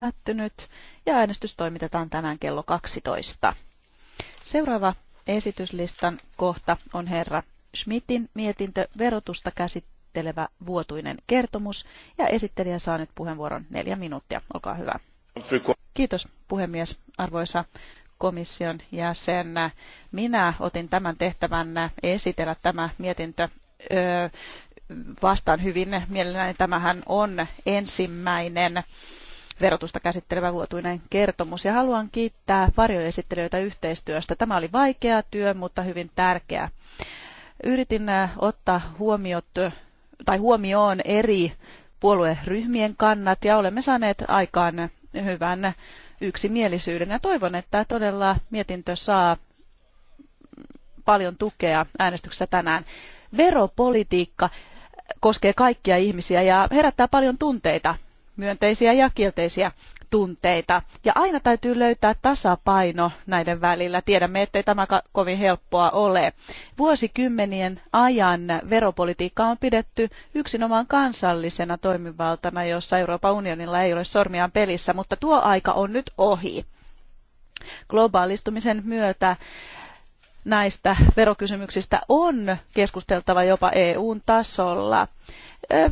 päättynyt ja äänestys toimitetaan tänään kello 12. Seuraava esityslistan kohta on herra Schmidtin mietintö verotusta käsittelevä vuotuinen kertomus ja esittelijä saa nyt puheenvuoron neljä minuuttia. Olkaa hyvä. Kiitos puhemies. Arvoisa komission jäsen, minä otin tämän tehtävän esitellä tämä mietintö vastaan hyvin mielelläni. Tämähän on ensimmäinen verotusta käsittelevä vuotuinen kertomus. Ja haluan kiittää varjoesittelijöitä yhteistyöstä. Tämä oli vaikea työ, mutta hyvin tärkeä. Yritin äh, ottaa huomiot, äh, tai huomioon eri puolueryhmien kannat ja olemme saaneet aikaan hyvän yksimielisyyden. Ja toivon, että todella mietintö saa paljon tukea äänestyksessä tänään. Veropolitiikka koskee kaikkia ihmisiä ja herättää paljon tunteita myönteisiä ja kielteisiä tunteita. Ja aina täytyy löytää tasapaino näiden välillä. Tiedämme, ettei tämä kovin helppoa ole. Vuosikymmenien ajan veropolitiikka on pidetty yksinomaan kansallisena toimivaltana, jossa Euroopan unionilla ei ole sormiaan pelissä, mutta tuo aika on nyt ohi globaalistumisen myötä näistä verokysymyksistä on keskusteltava jopa EUn tasolla.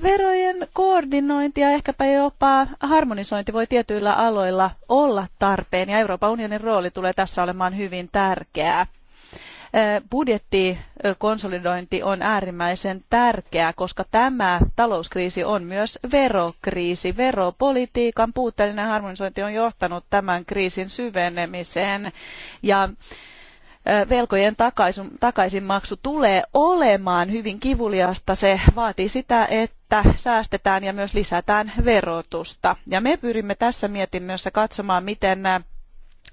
Verojen koordinointi ja ehkäpä jopa harmonisointi voi tietyillä aloilla olla tarpeen ja Euroopan unionin rooli tulee tässä olemaan hyvin tärkeää budjettikonsolidointi on äärimmäisen tärkeää, koska tämä talouskriisi on myös verokriisi. Veropolitiikan puutteellinen harmonisointi on johtanut tämän kriisin syvenemiseen ja velkojen takaisinmaksu tulee olemaan hyvin kivuliasta. Se vaatii sitä, että säästetään ja myös lisätään verotusta. Ja me pyrimme tässä mietinnössä katsomaan, miten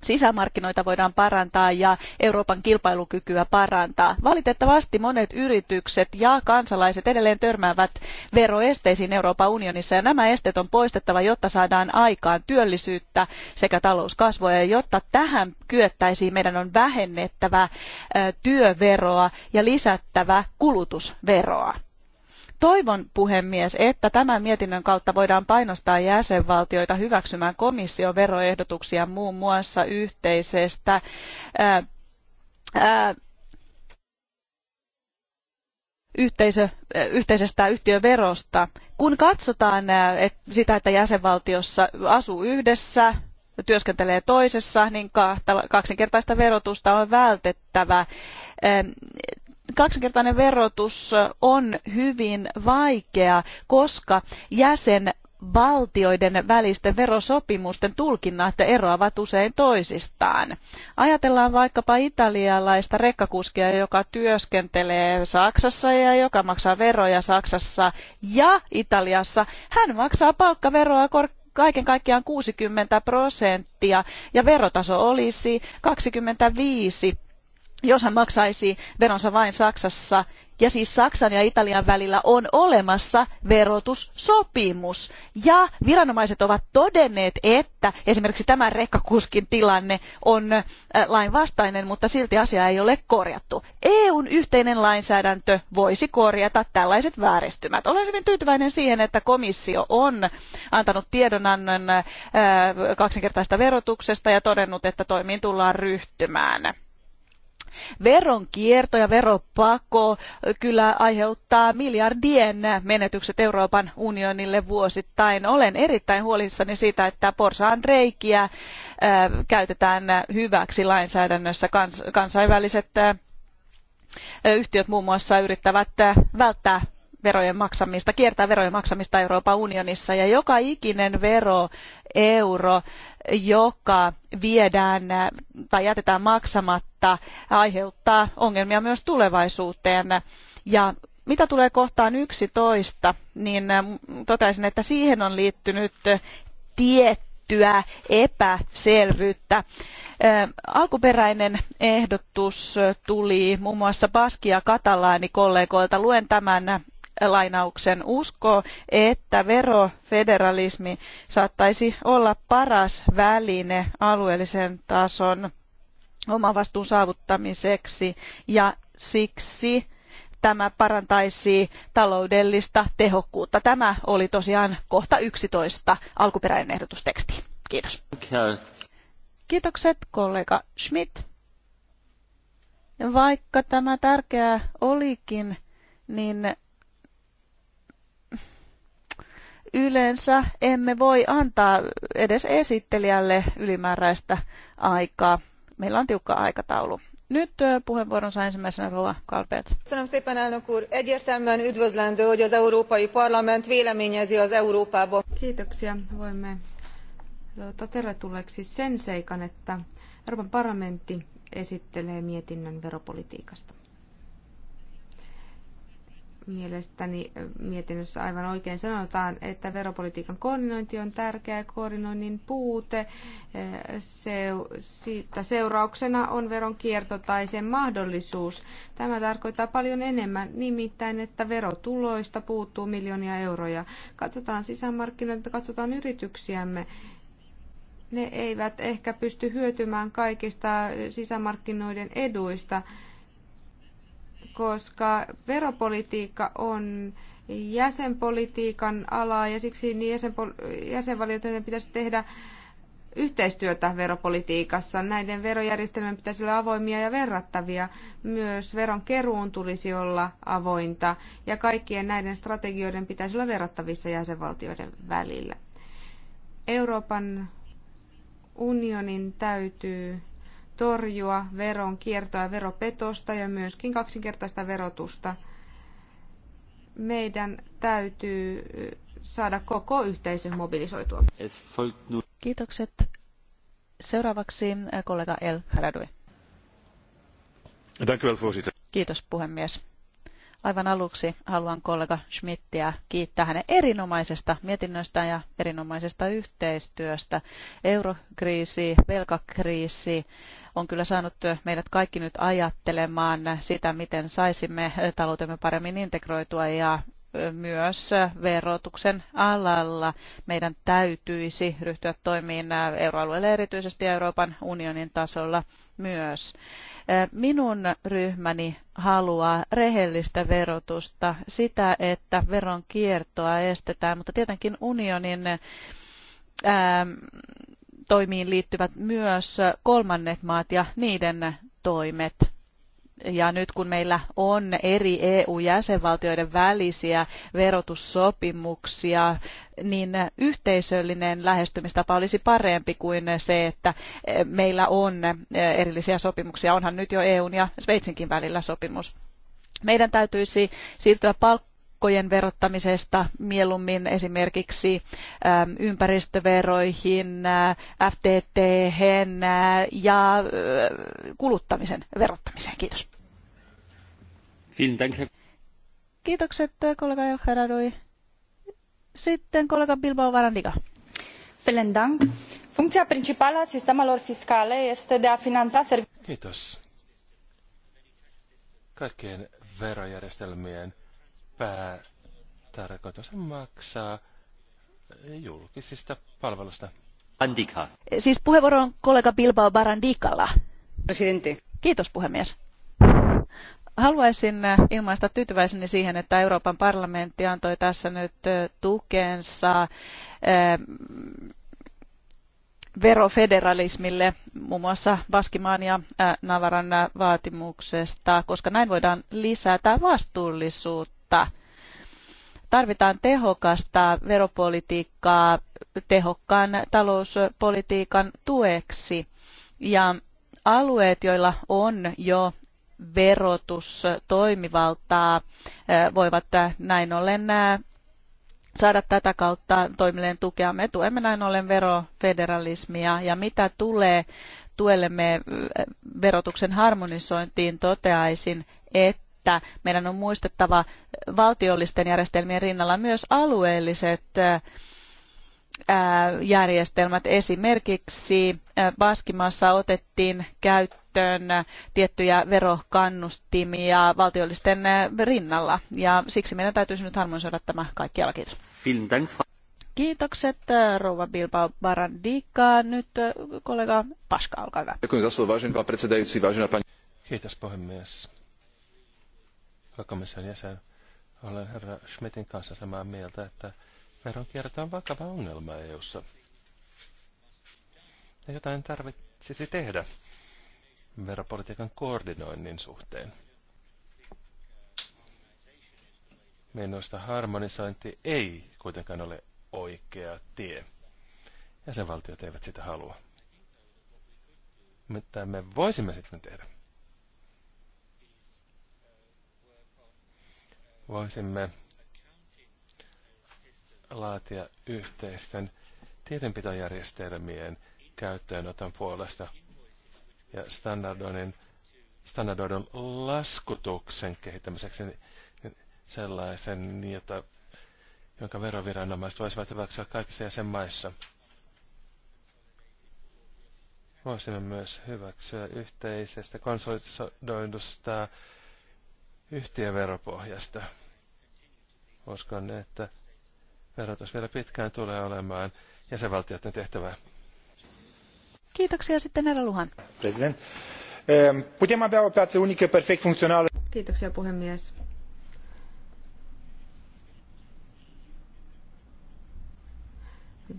sisämarkkinoita voidaan parantaa ja Euroopan kilpailukykyä parantaa. Valitettavasti monet yritykset ja kansalaiset edelleen törmäävät veroesteisiin Euroopan unionissa ja nämä esteet on poistettava, jotta saadaan aikaan työllisyyttä sekä talouskasvua ja jotta tähän kyettäisiin, meidän on vähennettävä työveroa ja lisättävä kulutusveroa. Toivon, puhemies, että tämän mietinnön kautta voidaan painostaa jäsenvaltioita hyväksymään komission veroehdotuksia muun muassa yhteisestä ää, ää, yhteisö, yhteisestä yhtiöverosta. Kun katsotaan sitä, että jäsenvaltiossa asuu yhdessä, työskentelee toisessa, niin kaksinkertaista verotusta on vältettävä kaksinkertainen verotus on hyvin vaikea, koska jäsenvaltioiden välisten verosopimusten tulkinnat eroavat usein toisistaan. Ajatellaan vaikkapa italialaista rekkakuskia, joka työskentelee Saksassa ja joka maksaa veroja Saksassa ja Italiassa. Hän maksaa palkkaveroa korkeasti kaiken kaikkiaan 60 prosenttia ja verotaso olisi 25 jos hän maksaisi veronsa vain Saksassa, ja siis Saksan ja Italian välillä on olemassa verotussopimus. Ja viranomaiset ovat todenneet, että esimerkiksi tämä rekkakuskin tilanne on äh, lainvastainen, mutta silti asia ei ole korjattu. EUn yhteinen lainsäädäntö voisi korjata tällaiset vääristymät. Olen hyvin tyytyväinen siihen, että komissio on antanut tiedonannon äh, kaksinkertaista verotuksesta ja todennut, että toimiin tullaan ryhtymään Veronkierto ja veropako kyllä aiheuttaa miljardien menetykset Euroopan unionille vuosittain. Olen erittäin huolissani siitä, että porsaan reikiä äh, käytetään hyväksi lainsäädännössä. Kansainväliset äh, yhtiöt muun muassa yrittävät äh, välttää verojen maksamista, kiertää verojen maksamista Euroopan unionissa. Ja joka ikinen vero, euro, joka viedään tai jätetään maksamatta, aiheuttaa ongelmia myös tulevaisuuteen. Ja mitä tulee kohtaan 11, niin toteaisin, että siihen on liittynyt tiettyä epäselvyyttä. Alkuperäinen ehdotus tuli muun muassa Baskia, ja Katalaani-kollegoilta. Luen tämän lainauksen, uskoo, että verofederalismi saattaisi olla paras väline alueellisen tason omavastuun saavuttamiseksi ja siksi tämä parantaisi taloudellista tehokkuutta. Tämä oli tosiaan kohta 11 alkuperäinen ehdotusteksti. Kiitos. Kiitokset kollega Schmidt. Vaikka tämä tärkeää olikin, niin yleensä emme voi antaa edes esittelijälle ylimääräistä aikaa. Meillä on tiukka aikataulu. Nyt saa ensimmäisenä Rova Kalpeet. Köszönöm szépen, elnök úr. Egyértelműen üdvözlendő, hogy az Európai Parlament véleményezi az Európából. Kiitoksia. Voimme tuota, tervetulleeksi sen seikan, että Euroopan parlamentti esittelee mietinnön veropolitiikasta. Mielestäni mietinnössä aivan oikein sanotaan, että veropolitiikan koordinointi on tärkeä koordinoinnin puute. Se, siitä seurauksena on veron kierto tai sen mahdollisuus. Tämä tarkoittaa paljon enemmän, nimittäin, että verotuloista puuttuu miljoonia euroja. Katsotaan sisämarkkinoita, katsotaan yrityksiämme ne eivät ehkä pysty hyötymään kaikista sisämarkkinoiden eduista koska veropolitiikka on jäsenpolitiikan alaa ja siksi niin jäsenpol- jäsenvaltioiden pitäisi tehdä yhteistyötä veropolitiikassa. Näiden verojärjestelmien pitäisi olla avoimia ja verrattavia. Myös veron keruun tulisi olla avointa ja kaikkien näiden strategioiden pitäisi olla verrattavissa jäsenvaltioiden välillä. Euroopan unionin täytyy torjua veron kiertoa ja veropetosta ja myöskin kaksinkertaista verotusta. Meidän täytyy saada koko yhteisö mobilisoitua. Kiitokset. Seuraavaksi kollega El Haradui. Kiitos puhemies. Aivan aluksi haluan kollega Schmidtiä kiittää hänen erinomaisesta mietinnöstään ja erinomaisesta yhteistyöstä. Eurokriisi, velkakriisi, on kyllä saanut meidät kaikki nyt ajattelemaan sitä, miten saisimme taloutemme paremmin integroitua ja myös verotuksen alalla meidän täytyisi ryhtyä toimiin euroalueelle erityisesti ja Euroopan unionin tasolla myös. Minun ryhmäni haluaa rehellistä verotusta, sitä, että veron kiertoa estetään, mutta tietenkin unionin toimiin liittyvät myös kolmannet maat ja niiden toimet. Ja nyt kun meillä on eri EU-jäsenvaltioiden välisiä verotussopimuksia, niin yhteisöllinen lähestymistapa olisi parempi kuin se, että meillä on erillisiä sopimuksia. Onhan nyt jo EUn ja Sveitsinkin välillä sopimus. Meidän täytyisi siirtyä palkkaan palkkojen verottamisesta mieluummin esimerkiksi ähm, ympäristöveroihin, äh, ftt äh, ja äh, kuluttamisen verottamiseen. Kiitos. Kiitokset kollega Herradui. Sitten kollega Bilbao Varandiga. Funcția principală a sistemelor fiscale este de a finanța Kiitos. Kaikkien verojärjestelmien päätarkoitus on maksaa julkisista palveluista. Andika. Siis puheenvuoro on kollega Bilbao Barandikalla. Presidentti. Kiitos puhemies. Haluaisin äh, ilmaista tyytyväiseni siihen, että Euroopan parlamentti antoi tässä nyt äh, tukensa äh, verofederalismille, muun muassa Baskimaan ja Navaran vaatimuksesta, koska näin voidaan lisätä vastuullisuutta mutta Tarvitaan tehokasta veropolitiikkaa tehokkaan talouspolitiikan tueksi. Ja alueet, joilla on jo verotustoimivaltaa, eh, voivat näin ollen eh, saada tätä kautta toimilleen tukea. Me tuemme näin ollen verofederalismia ja mitä tulee tuellemme eh, verotuksen harmonisointiin, toteaisin, että että meidän on muistettava valtiollisten järjestelmien rinnalla myös alueelliset järjestelmät. Esimerkiksi Baskimaassa otettiin käyttöön tiettyjä verokannustimia valtiollisten rinnalla. Ja siksi meidän täytyisi nyt harmonisoida tämä kaikkialla. Kiitos. Kiitokset rouva Bilbao Barandika. Nyt kollega Paska, olkaa hyvä. Kiitos puhemies komission jäsen, olen herra Schmidtin kanssa samaa mieltä, että veronkierto on vakava ongelma EU:ssa. Ja jotain tarvitsisi tehdä veropolitiikan koordinoinnin suhteen. Minusta harmonisointi ei kuitenkaan ole oikea tie. Jäsenvaltiot eivät sitä halua. Mitä me voisimme sitten tehdä? voisimme laatia yhteisten tiedenpitojärjestelmien käyttöönoton puolesta ja standardoinnin, standardoidun laskutuksen kehittämiseksi sellaisen, jota, jonka veroviranomaiset voisivat hyväksyä kaikissa jäsenmaissa. Voisimme myös hyväksyä yhteisestä konsolidoidusta veropohjasta. Uskon, että verotus vielä pitkään tulee olemaan jäsenvaltioiden tehtävää. Kiitoksia sitten herra Luhan. President. Ehm, putem avea o piață unică perfect funcțională. Kiitoksia puhemies.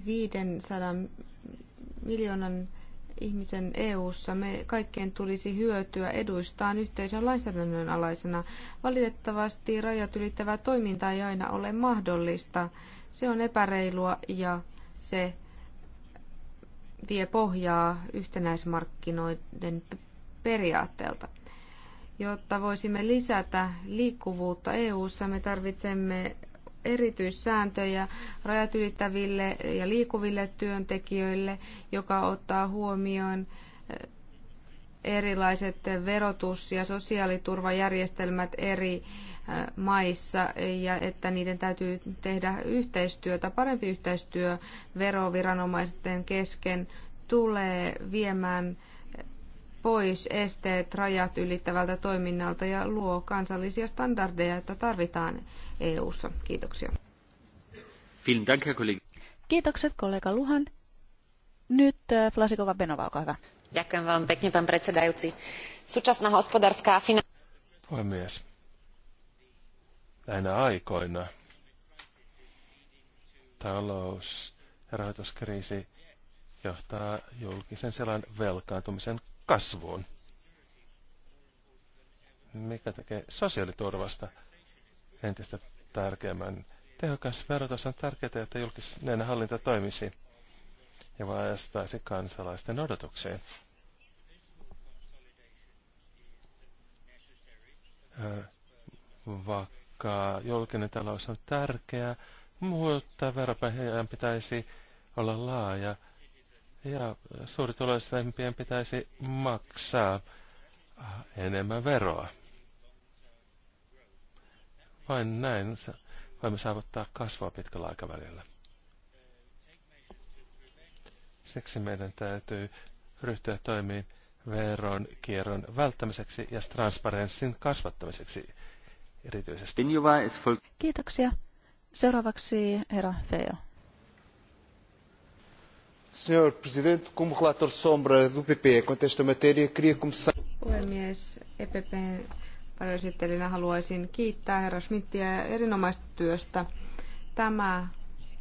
Viiden sadan miljoonan ihmisen EU-ssa me kaikkien tulisi hyötyä eduistaan yhteisön lainsäädännön alaisena. Valitettavasti rajat ylittävää toiminta ei aina ole mahdollista. Se on epäreilua ja se vie pohjaa yhtenäismarkkinoiden periaatteelta. Jotta voisimme lisätä liikkuvuutta EU:ssa, me tarvitsemme erityissääntöjä rajat ylittäville ja liikuville työntekijöille, joka ottaa huomioon eh, erilaiset verotus- ja sosiaaliturvajärjestelmät eri eh, maissa ja että niiden täytyy tehdä yhteistyötä, parempi yhteistyö veroviranomaisten kesken tulee viemään pois esteet rajat ylittävältä toiminnalta ja luo kansallisia standardeja, joita tarvitaan EU-ssa. Kiitoksia. Kiitokset kollega Luhan. Nyt äh, Flasikova Benova, olkaa hyvä. Súčasná Puhemies. Näinä aikoina talous- ja rahoituskriisi johtaa julkisen selän velkaantumisen kasvuun. Mikä tekee sosiaaliturvasta entistä tärkeämmän. Tehokas verotus on tärkeää, että julkinen hallinta toimisi ja vastaisi kansalaisten odotuksiin. Vaikka julkinen talous on tärkeä, mutta veropäihäjän pitäisi olla laaja ja suurituloisempien pitäisi maksaa enemmän veroa. Vain näin voimme saavuttaa kasvua pitkällä aikavälillä. Siksi meidän täytyy ryhtyä toimiin kierron välttämiseksi ja transparenssin kasvattamiseksi erityisesti. Kiitoksia. Seuraavaksi herra Feo. Senhor Presidente, como relator sombra do PPE quanto esta matéria, queria começar... Puhemies, EPPn varjoesittelijänä haluaisin kiittää herra Schmidtiä erinomaista työstä. Tämä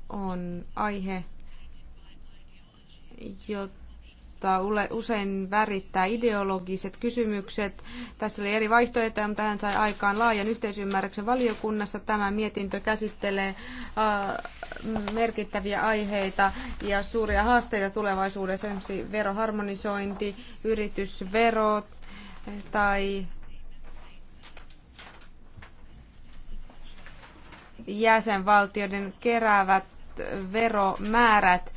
on aihe, jota mutta usein värittää ideologiset kysymykset. Tässä oli eri vaihtoehtoja, mutta hän sai aikaan laajan yhteisymmärryksen valiokunnassa. Tämä mietintö käsittelee äh, merkittäviä aiheita ja suuria haasteita tulevaisuudessa, esimerkiksi veroharmonisointi, yritysverot tai jäsenvaltioiden keräävät veromäärät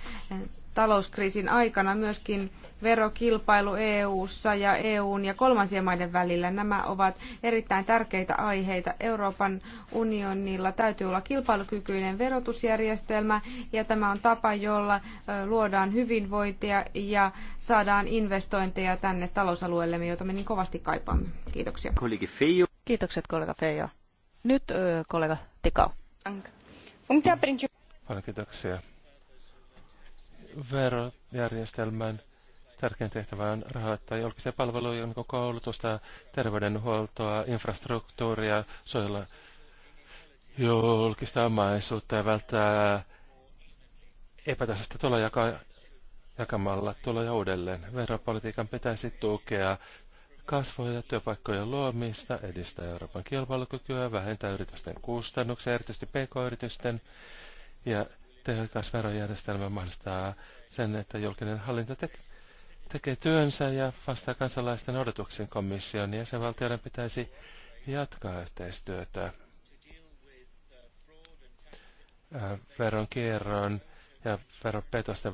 talouskriisin aikana myöskin verokilpailu EU:ssa ja EUn ja kolmansien maiden välillä. Nämä ovat erittäin tärkeitä aiheita. Euroopan unionilla täytyy olla kilpailukykyinen verotusjärjestelmä ja tämä on tapa, jolla luodaan hyvinvointia ja saadaan investointeja tänne talousalueellemme, joita me niin kovasti kaipaamme. Kiitoksia. Kiitokset kollega Feijo. Nyt kollega Tikau. Paljon kiitoksia verojärjestelmän tärkein tehtävä on rahoittaa julkisia palveluja, niin koulutusta, terveydenhuoltoa, infrastruktuuria, suojella julkista omaisuutta ja välttää epätasaista jaka- jakamalla tuloja uudelleen. Veropolitiikan pitäisi tukea kasvua ja työpaikkojen luomista, edistää Euroopan kilpailukykyä, vähentää yritysten kustannuksia, erityisesti pk-yritysten, ja Tehokas verojärjestelmä mahdollistaa sen, että julkinen hallinto tekee tekee työnsä ja vastaa kansalaisten odotuksen komission ja valtioiden pitäisi jatkaa yhteistyötä äh, veronkierron ja veropetosten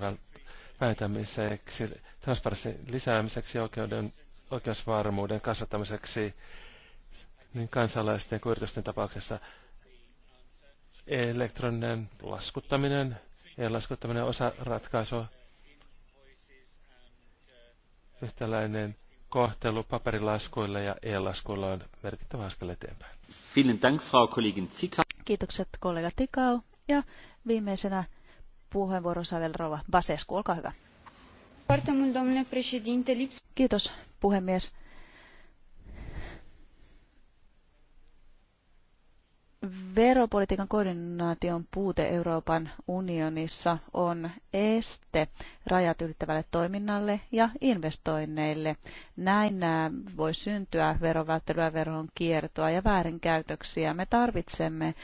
vähentämiseksi, transparenssin lisäämiseksi ja oikeuden, oikeusvarmuuden kasvattamiseksi niin kansalaisten kuin yritysten tapauksessa elektroninen laskuttaminen, ja laskuttaminen osa ratkaisua, yhtäläinen kohtelu paperilaskuilla ja e-laskuilla on merkittävä askel eteenpäin. Dank, Frau Kollegin Kiitokset kollega Tikau. Ja viimeisenä puheenvuoron saa vielä rouva Basescu, olkaa hyvä. Kiitos puhemies. Veropolitiikan koordinaation puute Euroopan unionissa on este rajat ylittävälle toiminnalle ja investoinneille. Näin voi syntyä verovälttelyä, veron kiertoa ja väärinkäytöksiä. Me tarvitsemme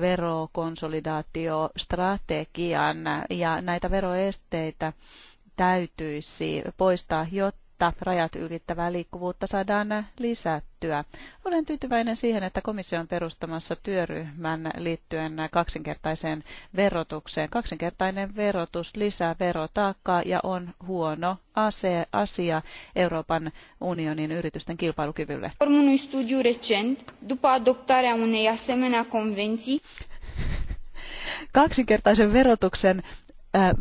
verokonsolidaatiostrategian ja näitä veroesteitä täytyisi poistaa, jotta jotta rajat ylittävää liikkuvuutta saadaan lisättyä. Olen tyytyväinen siihen, että komissio on perustamassa työryhmän liittyen kaksinkertaiseen verotukseen. Kaksinkertainen verotus lisää verotaakkaa ja on huono ase- asia Euroopan unionin yritysten kilpailukyvylle. recent, Kaksinkertaisen verotuksen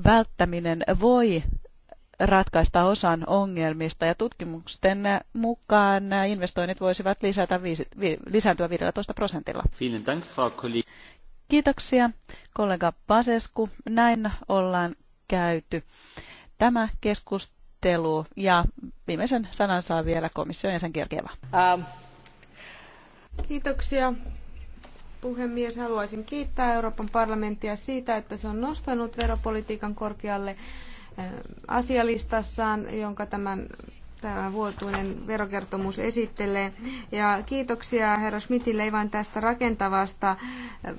välttäminen voi ratkaista osan ongelmista ja tutkimusten mukaan investoinnit voisivat lisätä, lisääntyä 15 prosentilla. Kiitoksia kollega Pasesku. Näin ollaan käyty tämä keskustelu ja viimeisen sanan saa vielä komission jäsen Georgieva. Ähm. Kiitoksia puhemies. Haluaisin kiittää Euroopan parlamenttia siitä, että se on nostanut veropolitiikan korkealle asialistassaan, jonka tämän tämä vuotuinen verokertomus esittelee. Ja kiitoksia herra Schmidtille ei vain tästä rakentavasta ähm,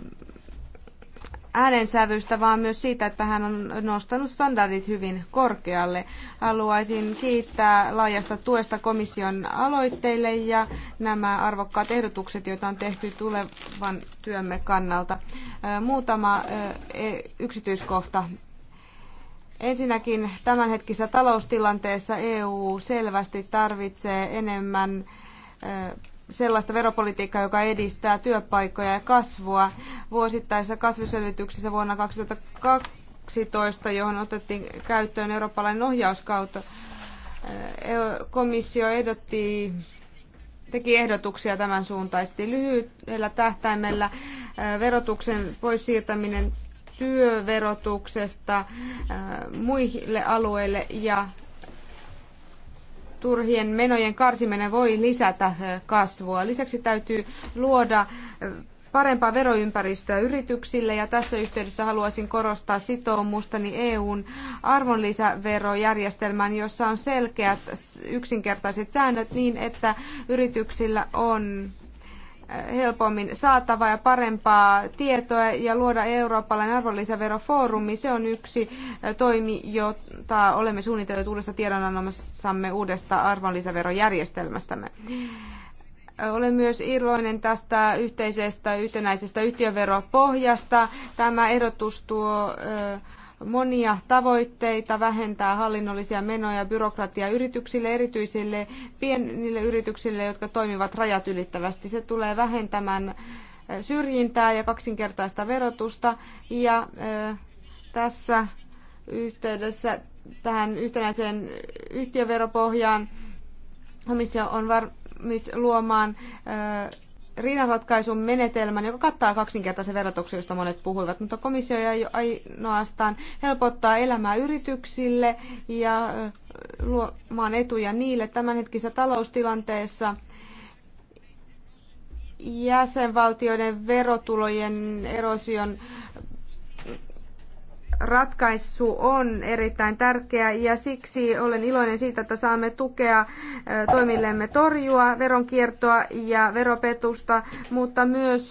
äänensävystä, vaan myös siitä, että hän on nostanut standardit hyvin korkealle. Haluaisin kiittää laajasta tuesta komission aloitteille ja nämä arvokkaat ehdotukset, joita on tehty tulevan työmme kannalta. Äh, muutama äh, e- yksityiskohta Ensinnäkin tämänhetkisessä taloustilanteessa EU selvästi tarvitsee enemmän sellaista veropolitiikkaa, joka edistää työpaikkoja ja kasvua. Vuosittaisessa kasviselvityksessä vuonna 2012, johon otettiin käyttöön eurooppalainen ohjauskautta, e komissio ehdotti teki ehdotuksia tämän suuntaisesti. Lyhyellä tähtäimellä verotuksen pois siirtäminen työverotuksesta äh, muille alueille ja turhien menojen karsiminen voi lisätä äh, kasvua. Lisäksi täytyy luoda äh, parempaa veroympäristöä yrityksille ja tässä yhteydessä haluaisin korostaa sitoumustani EUn arvonlisäverojärjestelmään, jossa on selkeät yksinkertaiset säännöt niin, että yrityksillä on helpommin saatavaa ja parempaa tietoa ja luoda eurooppalainen arvonlisäverofoorumi. Se on yksi toimi, jota olemme suunnitelleet uudessa tiedonannossamme uudesta arvonlisäverojärjestelmästämme. Olen myös iloinen tästä yhteisestä yhtenäisestä yhtiöveropohjasta. Tämä ehdotus tuo monia tavoitteita, vähentää hallinnollisia menoja byrokratiaa yrityksille, erityisille pienille yrityksille, jotka toimivat rajat ylittävästi. Se tulee vähentämään syrjintää ja kaksinkertaista verotusta ja tässä yhteydessä tähän yhtenäiseen yhtiöveropohjaan komissio on valmis luomaan riidanratkaisun menetelmän, joka kattaa kaksinkertaisen verotuksen, josta monet puhuivat, mutta komissio ei ainoastaan helpottaa elämää yrityksille ja luomaan etuja niille tämänhetkisessä taloustilanteessa jäsenvaltioiden verotulojen erosion ratkaisu on erittäin tärkeä ja siksi olen iloinen siitä, että saamme tukea toimillemme torjua veronkiertoa ja veropetusta, mutta myös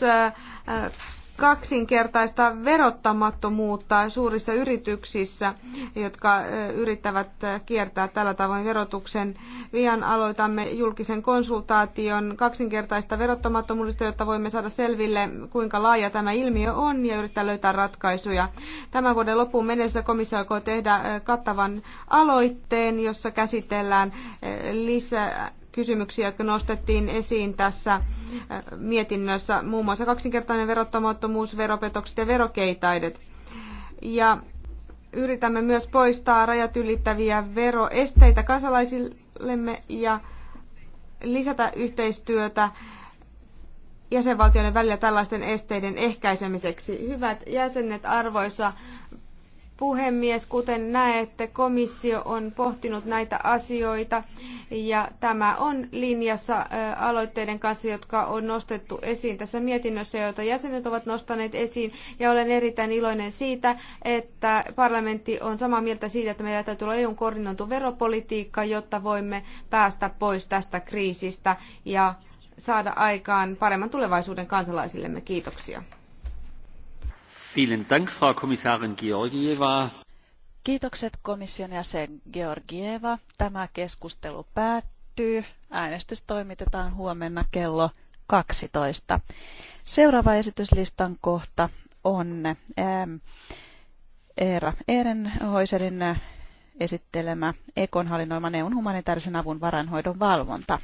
kaksinkertaista verottamattomuutta suurissa yrityksissä, jotka yrittävät kiertää tällä tavoin verotuksen. Vian aloitamme julkisen konsultaation kaksinkertaista verottamattomuudesta, jotta voimme saada selville, kuinka laaja tämä ilmiö on ja yrittää löytää ratkaisuja. Tämän vuoden loppuun mennessä komissio aikoo tehdä kattavan aloitteen, jossa käsitellään lisää kysymyksiä, jotka nostettiin esiin tässä äh, mietinnössä, muun muassa kaksinkertainen verottamattomuus, veropetokset ja verokeitaidet. Ja yritämme myös poistaa rajat ylittäviä veroesteitä kansalaisillemme ja lisätä yhteistyötä jäsenvaltioiden välillä tällaisten esteiden ehkäisemiseksi. Hyvät jäsenet, arvoisa puhemies, kuten näette, komissio on pohtinut näitä asioita ja tämä on linjassa aloitteiden kanssa, jotka on nostettu esiin tässä mietinnössä, joita jäsenet ovat nostaneet esiin. Ja olen erittäin iloinen siitä, että parlamentti on samaa mieltä siitä, että meillä täytyy olla EUn koordinoitu veropolitiikka, jotta voimme päästä pois tästä kriisistä ja saada aikaan paremman tulevaisuuden kansalaisillemme. Kiitoksia. Vielen Dank, Frau Kommissarin Georgieva. Kiitokset komission jäsen Georgieva. Tämä keskustelu päättyy. Äänestys toimitetaan huomenna kello 12. Seuraava esityslistan kohta on ähm, Eera Ehrenhoiselin äh, esittelemä Ekon hallinnoima EUn humanitaarisen avun varainhoidon valvonta.